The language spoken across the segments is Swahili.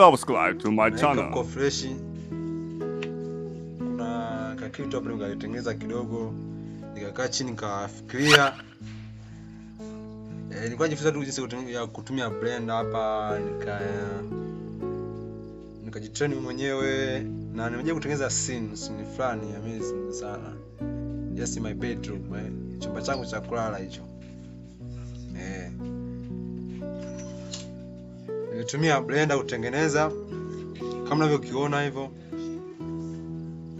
subscribe to my channel. Kwa fresh kuna kakitu hapo nikaitengeneza kidogo, nikakaa chini nikafikiria eh, nilikuwa najifunza tu jinsi ya kutumia blender hapa nika nikajitrain mwenyewe na nimeje kutengeneza scene scene fulani amazing sana. Yes, my bedroom eh, chumba changu cha kulala hicho eh Naitumia blender kutengeneza kama unavyokiona hivyo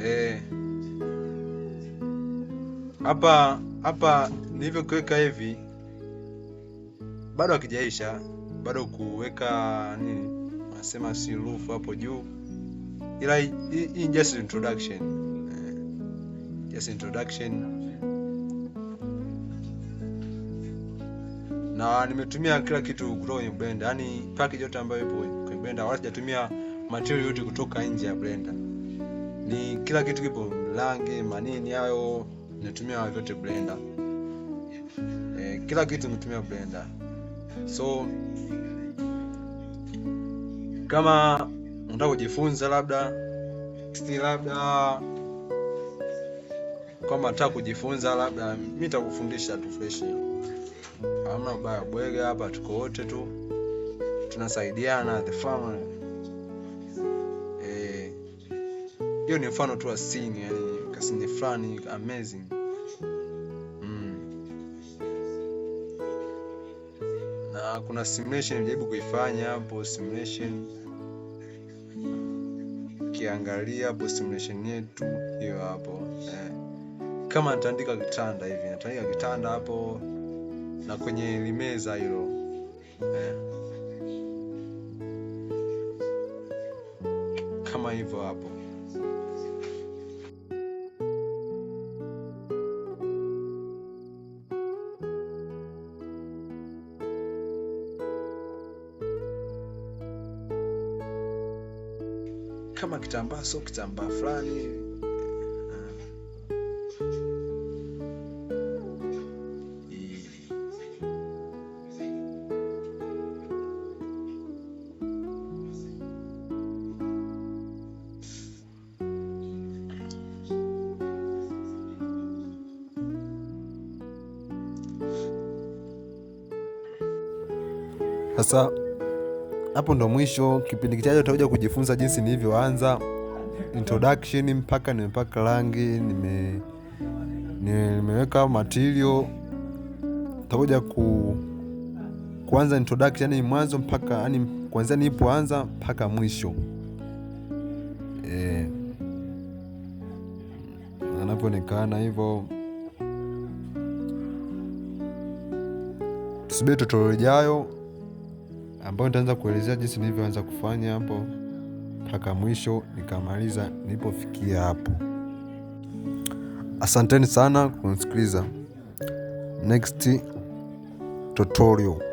e, hapa e, hapa nilivyokiweka hivi bado hakijaisha, bado kuweka nini nasema si roof hapo juu, ila hii just introduction, e, just introduction na nimetumia kila kitu kutoka kwenye blender yani package yote ambayo ipo kwenye blender wala sijatumia material yote kutoka nje ya blender ni kila kitu kipo rangi manini hayo nimetumia vyote blender e, kila kitu nimetumia blender so kama unataka kujifunza labda labda kama unataka kujifunza labda mimi nitakufundisha tu fresh hamna ubaya bwege hapa tuko wote tu tunasaidiana the family eh, hiyo ni mfano tu wa sini yani kasini fulani amazing mm. na kuna simulation nilijaribu kuifanya hapo simulation ukiangalia hapo simulation yetu hiyo hapo eh. kama nitaandika kitanda hivi nitaandika kitanda hapo na kwenye limeza hilo kama hivyo hapo kama kitambaa so kitambaa fulani Sasa hapo ndo mwisho. Kipindi kijacho utakuja kujifunza jinsi nilivyoanza introduction mpaka nimepaka rangi, nime nimeweka material. Utakuja ku kuanza introduction, yani mwanzo mpaka, yani kuanzia nilipoanza mpaka mwisho e, anavyoonekana hivyo. Tusubiri tutorial ijayo ambayo nitaanza kuelezea jinsi nilivyoanza kufanya hapo mpaka mwisho nikamaliza nilipofikia hapo. Asanteni sana kunisikiliza. Next tutorial.